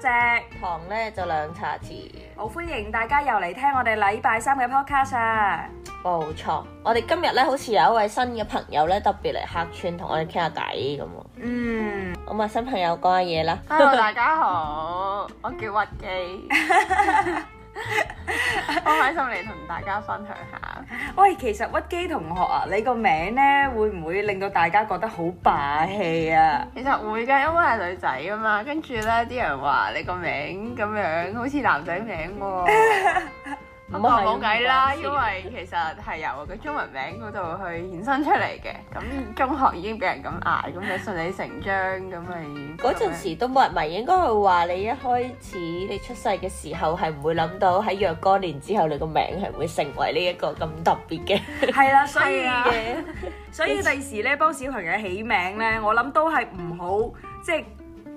只糖咧就兩茶匙。好，歡迎大家又嚟聽我哋禮拜三嘅 podcast 啊！冇錯，我哋今日咧好似有一位新嘅朋友咧特別嚟客串同我哋傾下偈咁。嗯，咁啊新朋友講下嘢啦。Hello，大家好， 我叫屈記。 我開心嚟同大家分享下。喂，其實屈基同學啊，你個名呢會唔會令到大家覺得好霸氣啊？其實會㗎，因為係女仔啊嘛。跟住呢啲人話你個名咁樣好似男仔名喎。 咁啊冇計啦，因為其實係由我個中文名嗰度去衍生出嚟嘅。咁 中學已經俾人咁嗌，咁就順理成章咁咪。嗰陣時都冇人，咪係應該去話你，一開始你出世嘅時候係唔會諗到喺若干年之後你個名係會成為呢一個咁特別嘅。係啦，所以嘅， 所以第時咧幫小朋友起名咧，我諗都係唔好即係。就是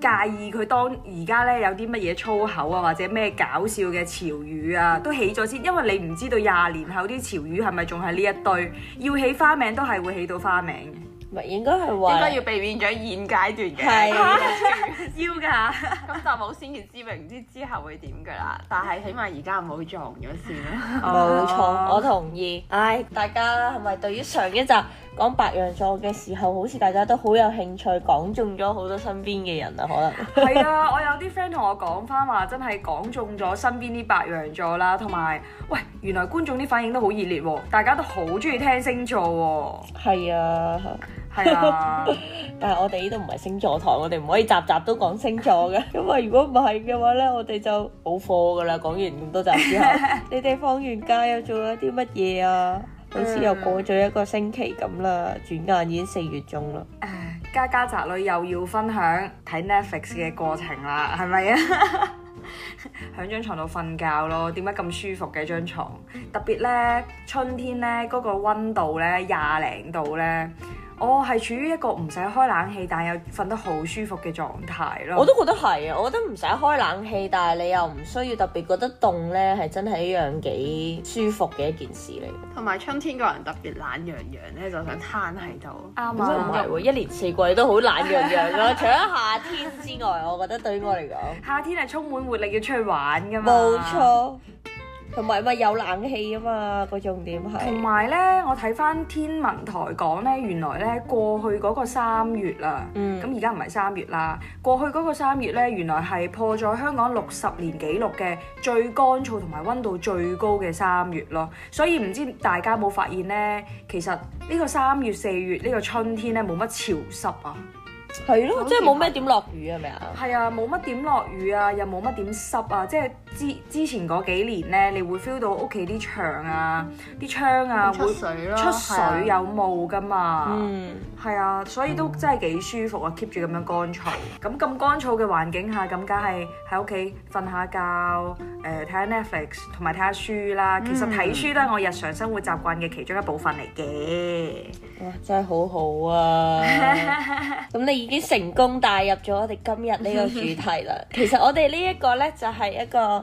介意佢當而家咧有啲乜嘢粗口啊，或者咩搞笑嘅潮語啊，都起咗先，因為你唔知道廿年後啲潮語係咪仲係呢一堆，要起花名都係會起到花名。唔係應該係話應該要避免咗現階段嘅要㗎，咁就冇先見之明，唔、啊、 知，知之後會點㗎啦。但係起碼而家唔好撞咗先。冇、哦、錯，我同意。唉、哎，大家係咪對於上一集講白羊座嘅時候，好似大家都好有興趣，講中咗好多身邊嘅人啊？可能係 啊，我有啲 friend 同我講返話，真係講中咗身邊啲白羊座啦，同埋喂，原來觀眾啲反應都好熱烈喎，大家都好中意聽星座喎。係 啊。係啊， 但係我哋呢度唔係星座堂，我哋唔可以集集都講星座嘅，因為如果唔係嘅話咧，我哋就冇課噶啦。講完咁多集之後， 你哋放完假又做咗啲乜嘢啊？好似又過咗一個星期咁啦，轉眼已經四月中啦。 家家宅女又要分享睇 Netflix 嘅過程啦，係咪啊？喺 張床度瞓覺咯，點解咁舒服嘅張床？特別咧，春天咧，嗰、個溫度咧，廿零度咧。我係、哦、處於一個唔使開冷氣，但又瞓得好舒服嘅狀態咯。我都覺得係啊，我覺得唔使開冷氣，但係你又唔需要特別覺得凍呢，係真係一樣幾舒服嘅一件事嚟。同埋春天個人特別懶洋洋呢，就想攤喺度。啱啊吧，唔係一年四季都好懶洋洋咯， 除咗夏天之外，我覺得對於我嚟講，夏天係充滿活力要出去玩㗎嘛。冇錯。同埋咪有冷氣啊嘛，個重點係？同埋咧，我睇翻天文台講咧，原來咧過去嗰個三月啦，咁而家唔係三月啦。過去嗰個三月咧、嗯，原來係破咗香港六十年紀錄嘅最乾燥同埋溫度最高嘅三月咯。所以唔知大家有冇發現咧，其實呢個三月四月呢、呢個春天咧冇乜潮濕啊，係咯了，即係冇咩點落雨係咪啊？係啊，冇乜麼、啊、點落雨啊，又冇乜點濕啊，即係。之之前嗰幾年呢，你會 feel 到屋企啲牆啊、啲、嗯、窗啊會出水咯，出水有霧㗎嘛。嗯，係啊，所以都真係幾舒服啊，keep 住咁樣乾燥。咁咁、嗯、乾燥嘅環境下，咁梗係喺屋企瞓下覺，誒、呃、睇下 Netflix 同埋睇下書啦。其實睇書都係我日常生活習慣嘅其中一部分嚟嘅。嗯、哇，真係好好啊！咁 你已經成功帶入咗我哋今日呢個主題啦。 其實我哋呢一個呢，就係一個。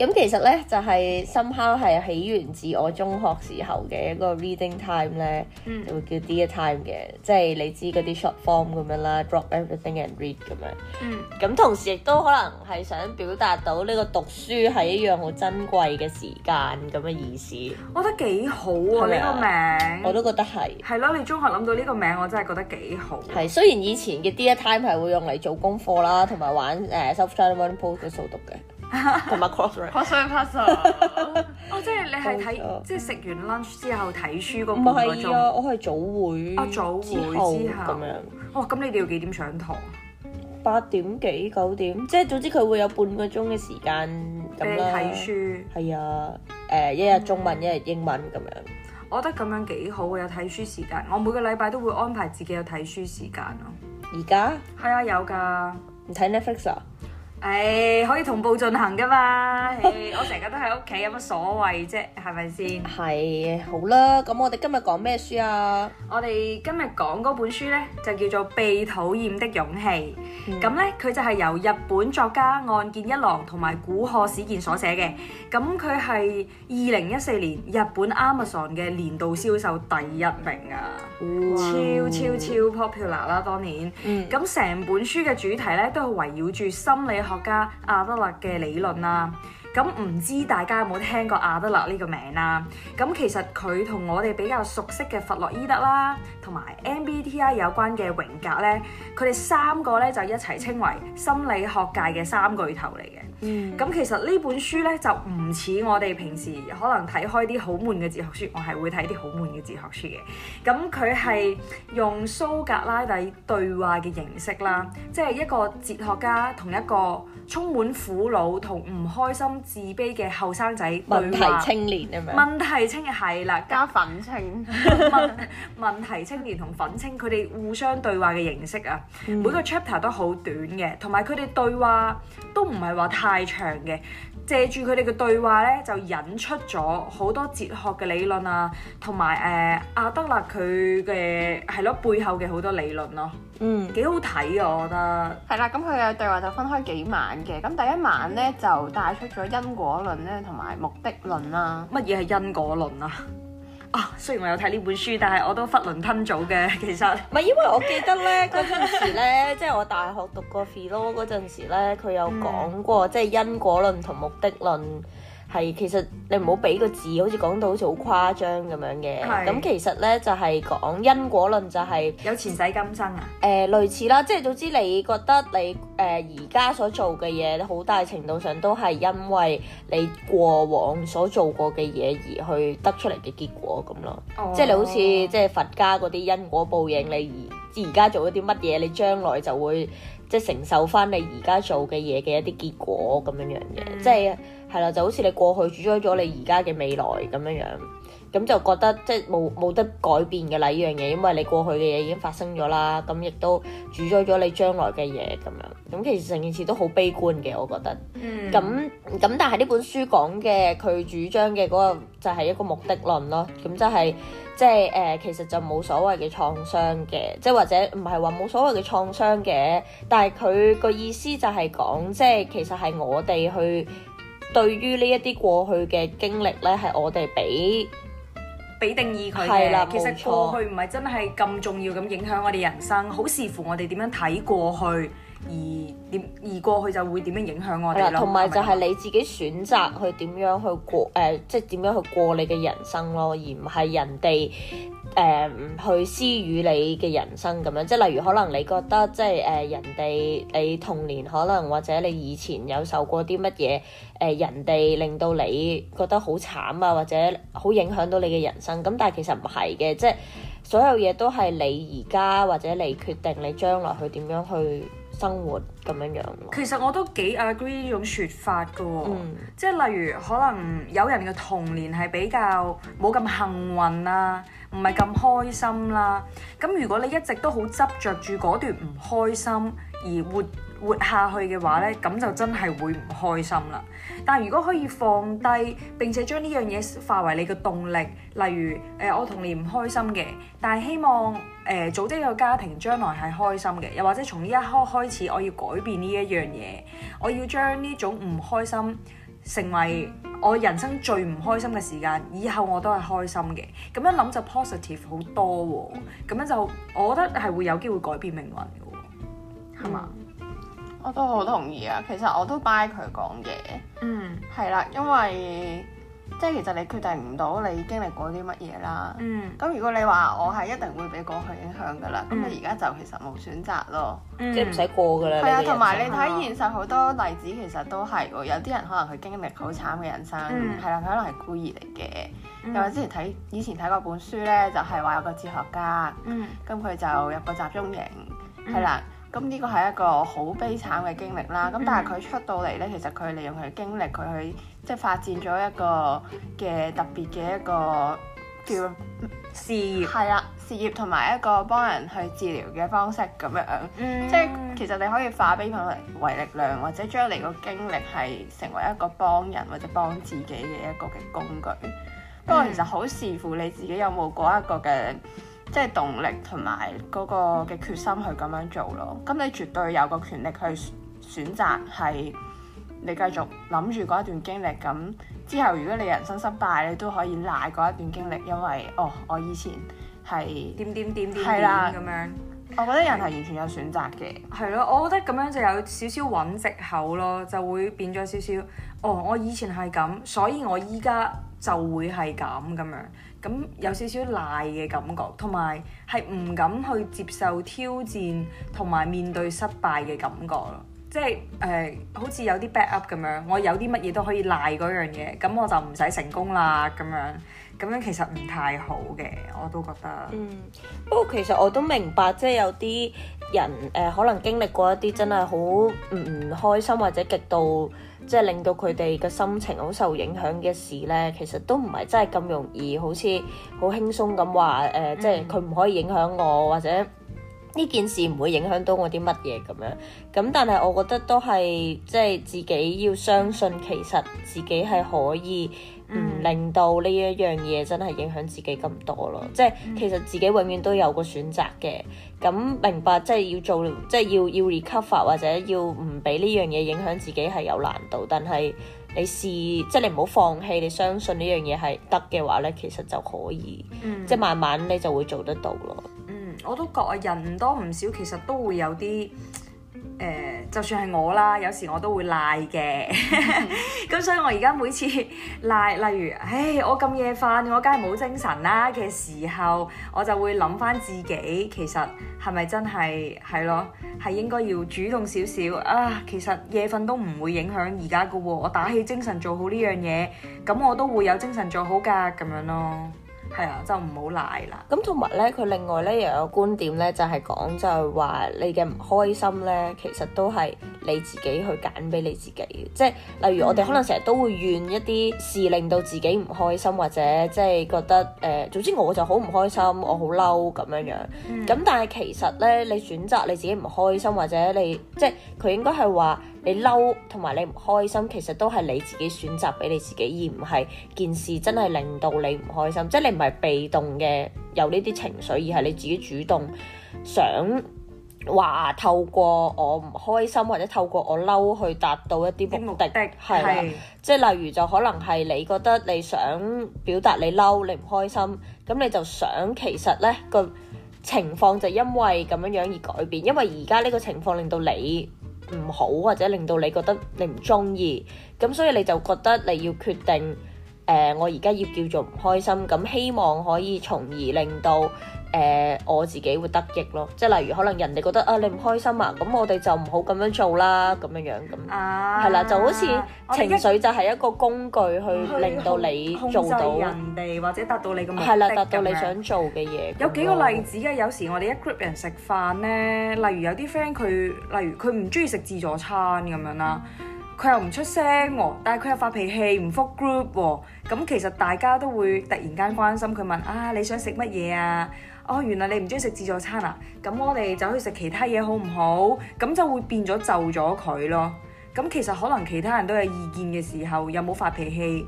咁其實咧就係 somehow 係起源自我中學時候嘅一個 reading time 咧，嗯、就會叫 Dear Time 嘅，即係你知嗰啲 short form 咁樣啦，drop everything and read 咁樣。咁、嗯、同時亦都可能係想表達到呢個讀書係一樣好珍貴嘅時間咁嘅意思。我覺得幾好啊呢個名，我都覺得係。係咯，你中學諗到呢個名，我真係覺得幾好啊。係雖然以前嘅 Dear Time 係會用嚟做功課啦，同埋玩誒、uh, self challenge one post 嘅掃讀嘅。同埋 cross，cross，pass。哦，即係你係睇，冇錯。即係食完 lunch 之後睇書嗰半個鐘。唔係啊，我係早會。啊，早會之後咁樣。哇、哦，咁你哋要幾點上堂？八點幾九點，即係總之佢會有半個鐘嘅時間咁啦。睇書。係啊，誒，一日中文，嗯、一日英文咁樣。我覺得咁樣幾好，我有睇書時間。我每個禮拜都會安排自己有睇書時間咯。而家在？係啊，有噶。唔睇 Netflix 啊？誒、哎，可以同步進行噶嘛？ 我成日都喺屋企，有乜所謂啫？係咪先？係好啦，咁我哋今日講咩書啊？我哋今日講嗰本書呢，就叫做《被討厭的勇氣》。咁呢、嗯，佢就係由日本作家岸見一郎同埋古賀史健所寫嘅。咁佢係二零一四年日本 Amazon 嘅年度銷售第一名啊！哇超超超 popular 啦、啊！當年，咁成、嗯、本書嘅主題呢，都係圍繞住心理學家阿德勒嘅理論啊。咁唔知大家有冇聽過阿德勒呢個名啦？咁其實佢同我哋比較熟悉嘅弗洛伊德啦，同埋 MBTI 有關嘅榮格呢，佢哋三個呢就一齊稱為心理學界嘅三巨頭嚟嘅。咁、嗯、其實呢本書呢，就唔似我哋平時可能睇開啲好悶嘅哲學書，我係會睇啲好悶嘅哲學書嘅。咁佢係用蘇格拉底對話嘅形式啦，即係一個哲學家同一個充滿苦惱同唔開心，自卑嘅後生仔，問題青年咁樣，問題青年係啦，加粉青。問題青年同粉青，佢哋互相對話嘅形式啊，嗯、每個 chapter 都好短嘅，同埋佢哋對話都唔係話太長嘅。借住佢哋嘅對話呢就引出咗好多哲學嘅理論啊，同埋誒阿德勒佢嘅係咯，背後嘅好多理論咯。嗯，幾好睇啊！我覺得係啦，咁佢嘅對話就分開幾晚嘅。咁第一晚呢，就帶出咗因果論咧同埋目的論啦。乜嘢係因果論啊？啊，雖然我有睇呢本書，但係我都囫圇吞棗嘅。其實唔係 因為我記得呢，嗰陣時咧，即係 我大學讀過 philosophy 嗰陣時咧，佢有講過即係因果論同目的論。係，其實你唔好俾個字，好似講到好似好誇張咁樣嘅。咁是其實呢，就係、是、講因果論、就是，就係有前世今生啊。誒、呃，類似啦，即係總之，你覺得你誒而家所做嘅嘢，好大程度上都係因為你過往所做過嘅嘢而去得出嚟嘅結果咁咯、oh.。即係你好似即係佛家嗰啲因果報應，你而而家做一啲乜嘢，你將來就會即係承受翻你而家做嘅嘢嘅一啲結果咁樣樣嘅，即係、mm. 就是。係啦，就好似你過去主宰咗你而家嘅未來咁樣樣，咁就覺得即係冇冇得改變嘅啦呢樣嘢，因為你過去嘅嘢已經發生咗啦。咁亦都主宰咗你將來嘅嘢咁樣，咁其實成件事都好悲觀嘅，我覺得。咁咁、嗯，但係呢本書講嘅佢主張嘅嗰、嗰個就係、係、一個目的論咯。咁即係即係誒，其實就冇所謂嘅創傷嘅，即係或者唔係話冇所謂嘅創傷嘅，但係佢個意思就係講即係其實係我哋去。對於呢一啲過去嘅經歷呢係我哋俾俾定義佢嘅。其實過去唔係真係咁重要咁影響我哋人生，好視乎我哋點樣睇過去，而點而過去就會點樣影響我哋。同埋就係你自己選擇去點樣去過，誒、呃，即係點樣去過你嘅人生咯，而唔係人哋。誒、um, 去私語你嘅人生咁樣，即係例如可能你覺得即係誒、呃、人哋你童年可能或者你以前有受過啲乜嘢誒人哋令到你覺得好慘啊，或者好影響到你嘅人生咁，但係其實唔係嘅，即係所有嘢都係你而家或者你決定你將來去點樣去生活咁樣樣。其實我都幾 agree 呢種説法㗎喎，嗯、即係例如可能有人嘅童年係比較冇咁幸運啊。唔係咁開心啦，咁如果你一直都好執着住嗰段唔開心而活活下去嘅話呢，咁就真係會唔開心啦。但係如果可以放低並且將呢樣嘢化為你嘅動力，例如誒、呃、我同你唔開心嘅，但係希望誒、呃、組織一個家庭將來係開心嘅，又或者從呢一刻開始我要改變呢一樣嘢，我要將呢種唔開心。成為我人生最唔開心嘅時間，以後我都係開心嘅。咁樣諗就 positive 好多喎、啊。咁樣就我覺得係會有機會改變命運嘅喎，係嘛、嗯？吧我都好同意啊！其實我都 buy 佢講嘢。嗯，係啦，因為。即係其實你決定唔到你經歷過啲乜嘢啦。咁、嗯、如果你話我係一定會俾過去影響噶啦，咁、嗯、你而家就其實冇選擇咯，即係唔使過噶啦。係啊、嗯，同埋、嗯、你睇現實好多例子其實都係喎，有啲人可能佢經歷好慘嘅人生，係、嗯、啦，佢可能係孤兒嚟嘅。嗯、又或者之前睇以前睇過本書咧，就係、是、話有個哲學家，咁佢、嗯、就入個集中營，係、嗯、啦。咁呢個係一個好悲慘嘅經歷啦。咁但係佢出到嚟咧，其實佢利用佢嘅經歷佢去。即係發展咗一個嘅特別嘅一個叫事業，事業，係啦，事業同埋一個幫人去治療嘅方式咁樣，嗯，即係其實你可以化悲憤為力量，或者將你個經歷係成為一個幫人或者幫自己嘅一個嘅工具。嗯，不過其實好視乎你自己有冇嗰一個嘅即係動力同埋嗰個嘅決心去咁樣做咯。咁你絕對有個權力去選擇係。你繼續諗住嗰一段經歷，咁之後如果你人生失敗，你都可以賴嗰一段經歷，因為哦，我以前係點點點點點係啦咁樣。我覺得人係完全有選擇嘅。係咯，我覺得咁樣就有少少揾藉口咯，就會變咗少少。哦，我以前係咁，所以我依家就會係咁咁樣，咁有少少賴嘅感覺，同埋係唔敢去接受挑戰同埋面對失敗嘅感覺咯。即係誒、呃，好似有啲 backup 咁樣，我有啲乜嘢都可以賴嗰樣嘢，咁我就唔使成功啦咁樣，咁樣其實唔太好嘅，我都覺得。嗯，不過其實我都明白，即係有啲人誒、呃，可能經歷過一啲真係好唔開心或者極度，即係令到佢哋嘅心情好受影響嘅事呢，其實都唔係真係咁容易，好似好輕鬆咁話誒，呃嗯、即係佢唔可以影響我或者。呢件事唔會影響到我啲乜嘢咁樣，咁但係我覺得都係即係自己要相信其、嗯，其實自己係可以唔令到呢一樣嘢真係影響自己咁多咯。即係其實自己永遠都有個選擇嘅，咁明白即係要做，即係要要 recover 或者要唔俾呢樣嘢影響自己係有難度，但係你試即係你唔好放棄，你相信呢樣嘢係得嘅話咧，其實就可以，嗯、即係慢慢你就會做得到咯。我都覺啊，人唔多唔少，其實都會有啲誒、呃，就算係我啦，有時我都會賴嘅。咁 所以我而家每次賴，例如，唉、哎，我咁夜瞓，我梗係冇精神啦嘅時候，我就會諗翻自己，其實係咪真係係咯，係應該要主動少少啊。其實夜瞓都唔會影響而家㗎喎，我打起精神做好呢樣嘢，咁我都會有精神做好㗎。咁樣咯。係啊，就唔好賴啦。咁同埋咧，佢另外咧又有一個觀點咧，就係、是、講就係話你嘅唔開心咧，其實都係你自己去揀俾你自己。即係、就是、例如我哋可能成日都會怨一啲事令到自己唔開心，或者即係覺得誒、呃，總之我就好唔開心，我好嬲咁樣樣。咁、嗯、但係其實咧，你選擇你自己唔開心或者你即係佢應該係話你嬲同埋你唔開心，其實都係你自己選擇俾你自己，而唔係件事真係令到你唔開心。即係、嗯、你。唔係被動嘅有呢啲情緒，而係你自己主動想話透過我唔開心或者透過我嬲去達到一啲目的，係啦，即係例如就可能係你覺得你想表達你嬲，你唔開心，咁你就想其實咧個情況就因為咁樣樣而改變，因為而家呢個情況令到你唔好或者令到你覺得你唔中意，咁所以你就覺得你要決定。誒、呃，我而家要叫做唔開心，咁希望可以從而令到誒、呃、我自己會得益咯。即係例如，可能人哋覺得啊，你唔開心啊，咁我哋就唔好咁樣做啦，咁樣、啊、樣咁，係啦，就好似情緒就係一個工具去令到你做到、啊、控制人哋或者達到你咁樣係啦，達到你想做嘅嘢。有幾個例子嘅，有時我哋一 group 人食飯咧，例如有啲 friend 佢，例如佢唔中意食自助餐咁樣啦。嗯佢又唔出聲喎，但係佢又發脾氣唔復 group 喎，咁其實大家都會突然間關心佢，問啊你想食乜嘢啊？哦，原來你唔中意食自助餐啊，咁我哋就去食其他嘢好唔好？咁就會變咗就咗佢咯。咁其實可能其他人都有意見嘅時候，又冇發脾氣，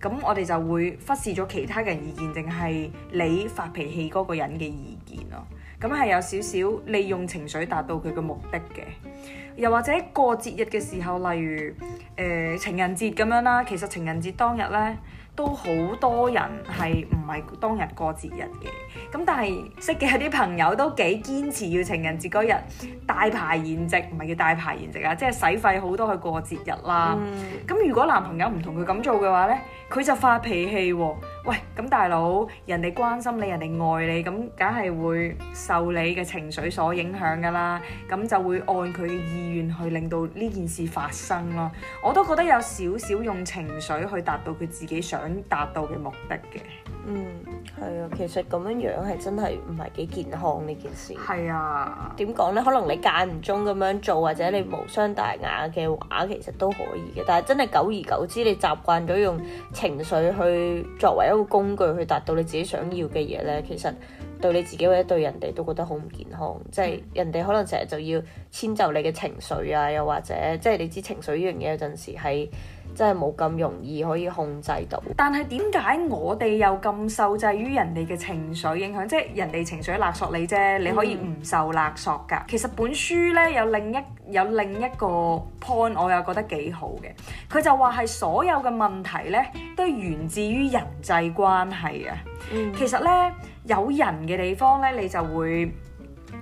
咁我哋就會忽視咗其他人意見，定係你發脾氣嗰個人嘅意見咯。咁係有少少利用情緒達到佢嘅目的嘅。又或者過節日嘅時候，例如誒、呃、情人節咁樣啦，其實情人節當日咧。都好多人係唔係當日過節日嘅，咁但係識嘅啲朋友都幾堅持要情人節嗰日大排筵席，唔係叫大排筵席啊，即係使費好多去過節日啦。咁、嗯、如果男朋友唔同佢咁做嘅話咧，佢就發脾氣，啊，喂，咁大佬，人哋關心你，人哋愛你，咁梗係會受你嘅情緒所影響噶啦。咁就會按佢嘅意願去令到呢件事發生咯。我都覺得有少少用情緒去達到佢自己想想達到嘅目的嘅，嗯，係啊，其實咁樣樣係真係唔係幾健康呢件事。係啊的，點講呢？可能你間唔中咁樣做，或者你無傷大雅嘅話，其實都可以嘅。但係真係久而久之，你習慣咗用情緒去作為一個工具去達到你自己想要嘅嘢呢，其實。對你自己或者對人哋都覺得好唔健康，即係 人哋可能成日就要遷就你嘅情緒啊，又或者即係、就是、你知情緒呢樣嘢有陣時係真係冇咁容易可以控制到。但係點解我哋又咁受制於人哋嘅情緒影響？即、就、係、是、人哋情緒勒索你啫，嗯、你可以唔受勒索㗎。其實本書呢，有另一有另一個 point，我又覺得幾好嘅。佢就話係所有嘅問題呢都源自於人際關係啊。嗯、其實呢。有人嘅地方呢，你就會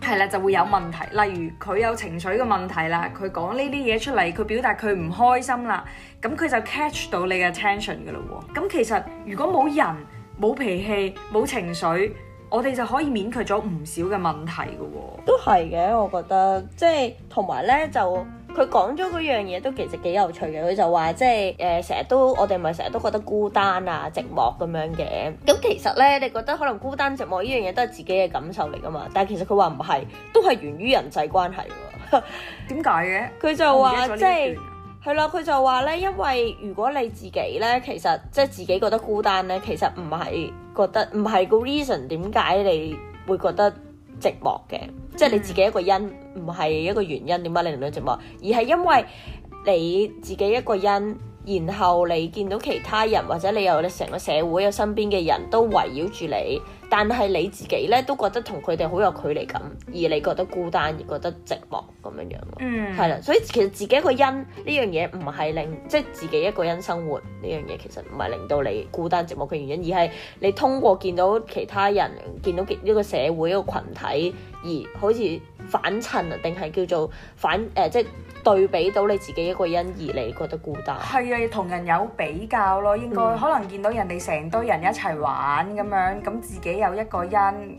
係啦，就會有問題。例如佢有情緒嘅問題啦，佢講呢啲嘢出嚟，佢表達佢唔開心啦，咁佢就 catch 到你嘅 attention 嘅啦喎。咁其實如果冇人、冇脾氣、冇情緒，我哋就可以免卻咗唔少嘅問題㗎喎。都係嘅，我覺得即係同埋呢就。佢講咗嗰樣嘢都其實幾有趣嘅，佢就話即係誒成日都我哋咪成日都覺得孤單啊、寂寞咁樣嘅。咁其實呢，你覺得可能孤單、寂寞呢樣嘢都係自己嘅感受嚟噶嘛？但係其實佢話唔係，都係源於人際關係喎。點解嘅？佢就話即係係啦，佢就話呢因為如果你自己呢，其實即係自己覺得孤單呢，其實唔係覺得唔係個 reason 點解你會覺得寂寞嘅，即係、嗯、你自己一個人。唔係一個原因點解你令到寂寞，而係因為你自己一個人，然後你見到其他人，或者你有你成個社會有身邊嘅人都圍繞住你。但係你自己咧，都覺得同佢哋好有距離感，而你覺得孤單，而覺得寂寞咁樣樣。嗯，係啦，所以其實自己一個人呢樣嘢唔係令，即係自己一個人生活呢樣嘢其實唔係令到你孤單寂寞嘅原因，而係你通過見到其他人，見到呢個社會一個群體，而好似反襯啊定係叫做反，誒，即係對比到你自己一個人而你覺得孤單係啊，同人有比較咯，應該、嗯、可能見到人哋成堆人一齊玩咁樣咁自己。有一個因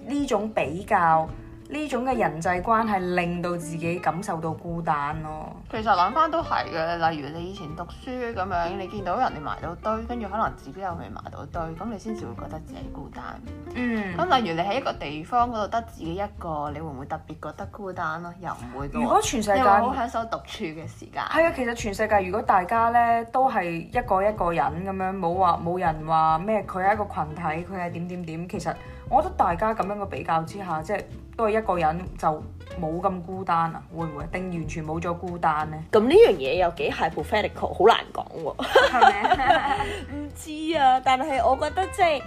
呢種比較。呢種嘅人際關係令到自己感受到孤單咯。其實諗返都係嘅，例如你以前讀書咁樣，嗯、你見到人哋埋到堆，跟住可能自己又未埋到堆，咁你先至會覺得自己孤單。嗯。咁例如你喺一個地方嗰度得自己一個，你會唔會特別覺得孤單咯？又唔會多。如果全世界，你好享受獨處嘅時間。係啊、嗯，其實全世界如果大家呢都係一個一個人咁樣，冇話冇人話咩，佢係一個群體，佢係點點點。其實我覺得大家咁樣嘅比較之下，即係。都係一個人就冇咁孤單啊。會唔會？定完全冇咗孤單呢？咁呢樣嘢又幾係 predictable 好難講喎 係咪。唔 知啊，但係我覺得即係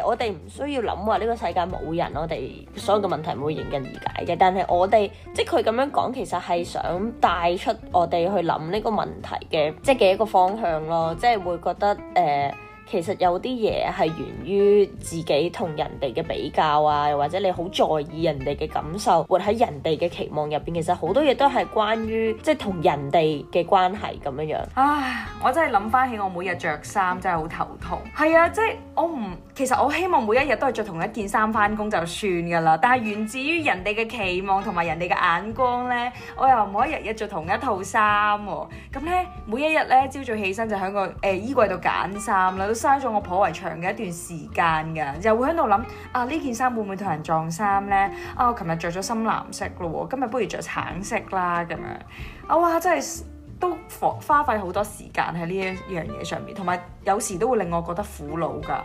誒，我哋唔需要諗話呢個世界冇人，我哋所有嘅問題唔會迎刃而解嘅。但係我哋即係佢咁樣講，其實係想帶出我哋去諗呢個問題嘅，即係嘅一個方向咯。即係會覺得誒。呃其實有啲嘢係源於自己同人哋嘅比較啊，又或者你好在意人哋嘅感受，活喺人哋嘅期望入邊。其實好多嘢都係關於即係同人哋嘅關係咁樣樣。唉，我真係諗翻起我每日着衫真係好頭痛。係啊，即係我唔，其實我希望每一日都係着同一件衫翻工就算㗎啦。但係源自於人哋嘅期望同埋人哋嘅眼光呢，我又唔可以日日着同一套衫喎。咁呢，每一日呢，朝早起身就喺個誒衣櫃度揀衫啦。嘥咗我頗為長嘅一段時間㗎，又會喺度諗啊呢件衫會唔會同人撞衫咧？啊我琴日着咗深藍色咯，今日不如着橙色啦咁樣。啊哇，真係都花費好多時間喺呢一樣嘢上面，同埋有時都會令我覺得苦惱㗎。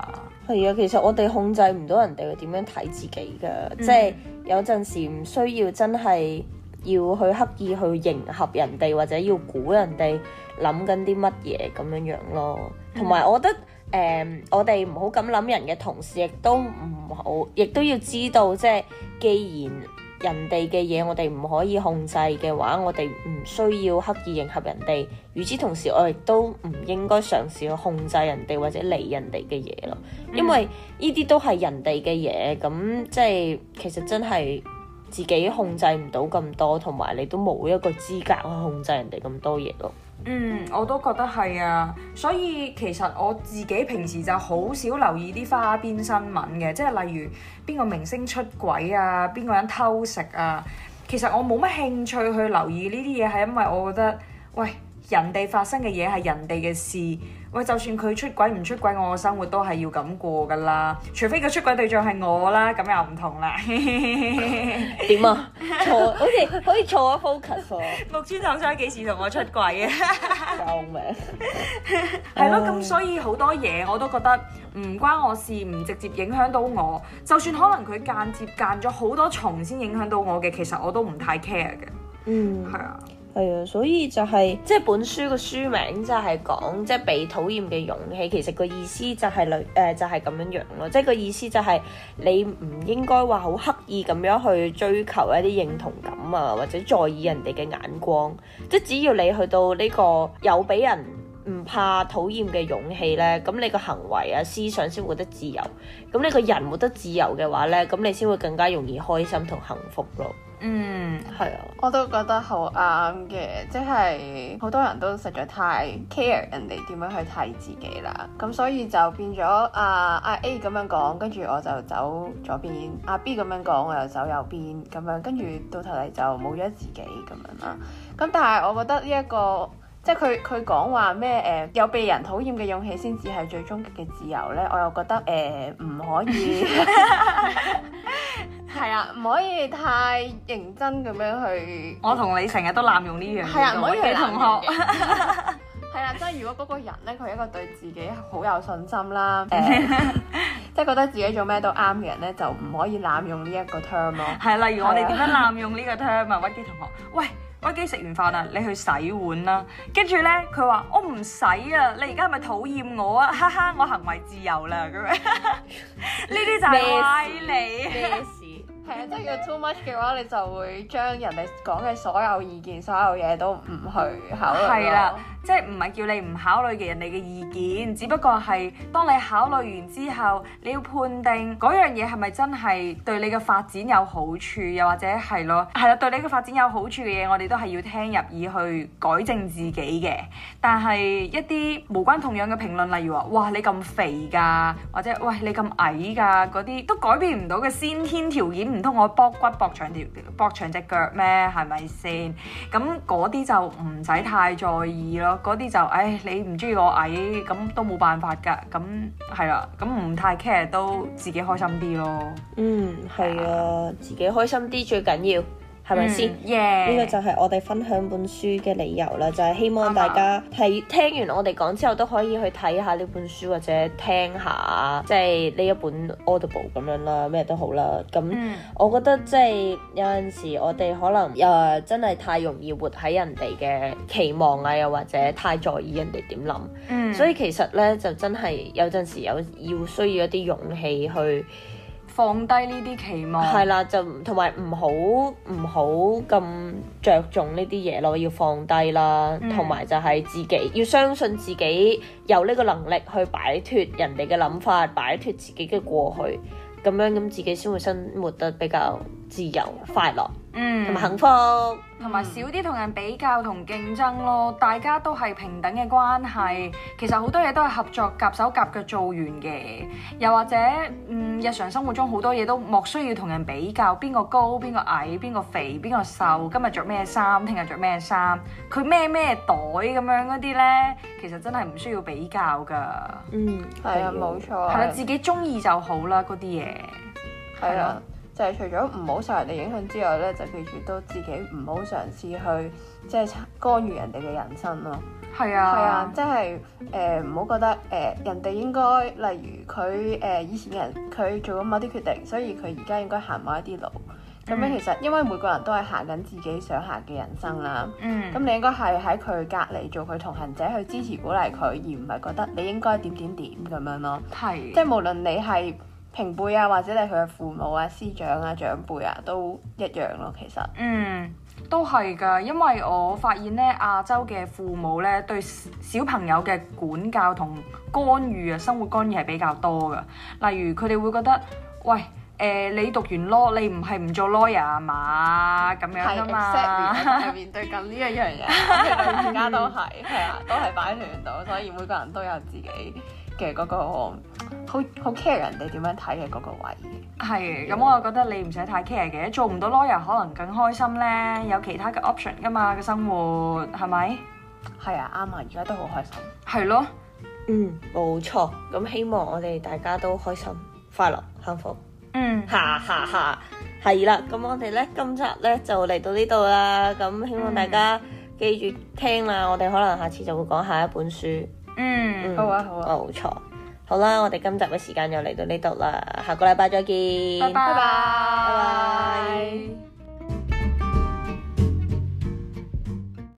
係啊，其實我哋控制唔到人哋會點樣睇自己㗎，嗯、即係有陣時唔需要真係要去刻意去迎合人哋，或者要估人哋諗緊啲乜嘢咁樣樣咯。同埋我覺得。嗯誒，um, 我哋唔好咁諗人嘅同時，亦都唔好，亦都要知道，即係既然人哋嘅嘢我哋唔可以控制嘅話，我哋唔需要刻意迎合人哋。與此同時，我亦都唔應該嘗試去控制人哋或者理人哋嘅嘢咯。嗯。因為呢啲都係人哋嘅嘢，咁即係其實真係自己控制唔到咁多，同埋你都冇一個資格去控制人哋咁多嘢咯。嗯，我都覺得係啊，所以其實我自己平時就好少留意啲花邊新聞嘅，即係例如邊個明星出軌啊，邊個人偷食啊，其實我冇乜興趣去留意呢啲嘢，係因為我覺得，喂。人哋發生嘅嘢係人哋嘅事，喂，就算佢出軌唔出軌，我嘅生活都係要咁過㗎啦。除非佢出軌對象係我啦，咁又唔同啦，欸。點啊？錯， 好似好似錯咗 focus。木村拓哉幾時同我出軌啊？救命！係咯，咁所以好多嘢我都覺得唔關我事，唔直接影響到我。就算可能佢間接間咗好多重先影響到我嘅，其實我都唔太 care 嘅。嗯，係啊。係啊，所以就係、是、即係本書個書名就係講即係被討厭嘅勇氣，其實個意思就係類誒、呃、就係、是、咁樣樣咯，即係個意思就係、是、你唔應該話好刻意咁樣去追求一啲認同感啊，或者在意人哋嘅眼光，即只要你去到、這個、呢個有俾人唔怕討厭嘅勇氣咧，咁你個行為啊思想先活得自由，咁你個人活得自由嘅話咧，咁你先會更加容易開心同幸福咯。嗯，係啊，我都覺得好啱嘅，即係好多人都實在太 care 人哋點樣去睇自己啦。咁所以就變咗、呃、啊，阿 A 咁樣講，跟住我就走左邊；阿、啊、B 咁樣講，我又走右邊。咁樣跟住到頭嚟就冇咗自己咁樣啦。咁但係我覺得呢、這、一個即係佢佢講話咩？誒、呃、有被人討厭嘅勇氣先至係最終極嘅自由呢。我又覺得誒唔、呃、可以。 係啊，唔可以太認真咁樣去。我同你成日都濫用呢樣嘢。係啊，唔可以同學。係啦， 即係如果嗰個人咧，佢一個對自己好有信心啦， 呃、即係覺得自己做咩都啱嘅人咧，就唔可以濫用呢一個 term 咯。係例如我哋點樣濫用呢個 term 啊？屈基同學，喂，屈基食完飯啦，你去洗碗啦。跟住咧，佢話我唔使啊，你而家係咪討厭我啊？哈哈，我行為自由啦咁樣。呢啲就係你。This. This. 係啊，即係要 too much 嘅話，你就會將人哋講嘅所有意見、所有嘢都唔去考慮咯。即係唔係叫你唔考慮人哋嘅意見，只不過係當你考慮完之後，你要判定嗰樣嘢係咪真係對你嘅發展有好處，又或者係咯，係啦，對你嘅發展有好處嘅嘢，我哋都係要聽入耳去改正自己嘅。但係一啲無關痛癢嘅評論，例如話哇你咁肥㗎，或者喂你咁矮㗎嗰啲，都改變唔到嘅先天條件，唔通我膊骨膊長條，膊長隻腳咩？係咪先？咁嗰啲就唔使太在意咯。嗰啲就，唉，你唔中意我矮，咁都冇辦法㗎，咁係啦，咁唔太 care 都自己開心啲咯。嗯，係啊，自己開心啲最緊要。係咪先？呢、mm, yeah. 個就係我哋分享本書嘅理由啦，就係、是、希望大家睇、mm hmm. 聽，聽完我哋講之後都可以去睇下呢本書或者聽下，即係呢一本 Audible 咁樣啦，咩都好啦。咁、mm hmm. 我覺得即係有陣時我哋可能誒、mm hmm. 呃、真係太容易活喺人哋嘅期望啊，又或者太在意人哋點諗，mm hmm. 所以其實呢，就真係有陣時有要需要一啲勇氣去。放低呢啲期望，係啦，就同埋唔好唔好咁着重呢啲嘢咯，要放低啦。同埋、嗯、就係自己要相信自己有呢個能力去擺脱人哋嘅諗法，擺脱自己嘅過去，咁樣咁自己先會生活得比較自由、快樂，嗯，同埋幸福，同埋少啲同人比較同競爭咯。嗯，大家都係平等嘅關係，其實好多嘢都係合作、夾手夾腳做完嘅。又或者，嗯，日常生活中好多嘢都莫需要同人比較，邊個高、邊個矮、邊個肥、邊個瘦，今日着咩衫，聽日着咩衫，佢孭咩袋咁樣嗰啲呢，其實真係唔需要比較噶。嗯，係啊，冇錯，係啦，自己中意就好啦，嗰啲嘢係啊。對了 就係除咗唔好受人哋影響之外呢，就記住都自己唔好嘗試去即係、就是、干預人哋嘅人生咯。係是啊，啊，係啊，即係誒唔好覺得誒、呃、人哋應該，例如佢誒、呃、以前人佢做咗某啲決定，所以佢而家應該行某一啲路。咁樣、嗯、其實因為每個人都係行緊自己想行嘅人生啦。嗯，咁你應該係喺佢隔離做佢同行者去支持鼓勵佢，而唔係覺得你應該點點點咁樣咯。係，即係無論你係。平輩啊，或者係佢嘅父母啊、師長啊、長輩啊，都一樣咯，其實。嗯，都係㗎，因為我發現咧，亞洲嘅父母咧對小朋友嘅管教同干預啊，生活干預係比較多嘅。例如佢哋會覺得，喂，誒、呃，你讀完 law，你唔係唔做 lawyer 啊嘛，咁樣㗎嘛。面對緊呢一樣嘢，而家都係。係啊， 都係擺脫唔到，所以每個人都有自己嘅嗰、嗰個。好好 care 人哋點樣睇嘅嗰個位，係咁，我又覺得你唔使太 care 嘅，做唔到 lawyer 可能更開心咧，有其他嘅 option 噶嘛嘅生活係咪？係啊，啱啊，而家都好開心。係咯了，嗯，冇錯。咁希望我哋大家都開心、快樂樂、幸福。嗯，下下下，係啦。咁我哋咧今集咧就嚟到呢度啦。咁希望大家記住聽啦，我哋可能下次就會講下一本書。嗯，嗯，好啊，好啊好啊，冇錯。好啦，我哋今集嘅時間又嚟到呢度啦。下個禮拜再見。拜拜拜拜。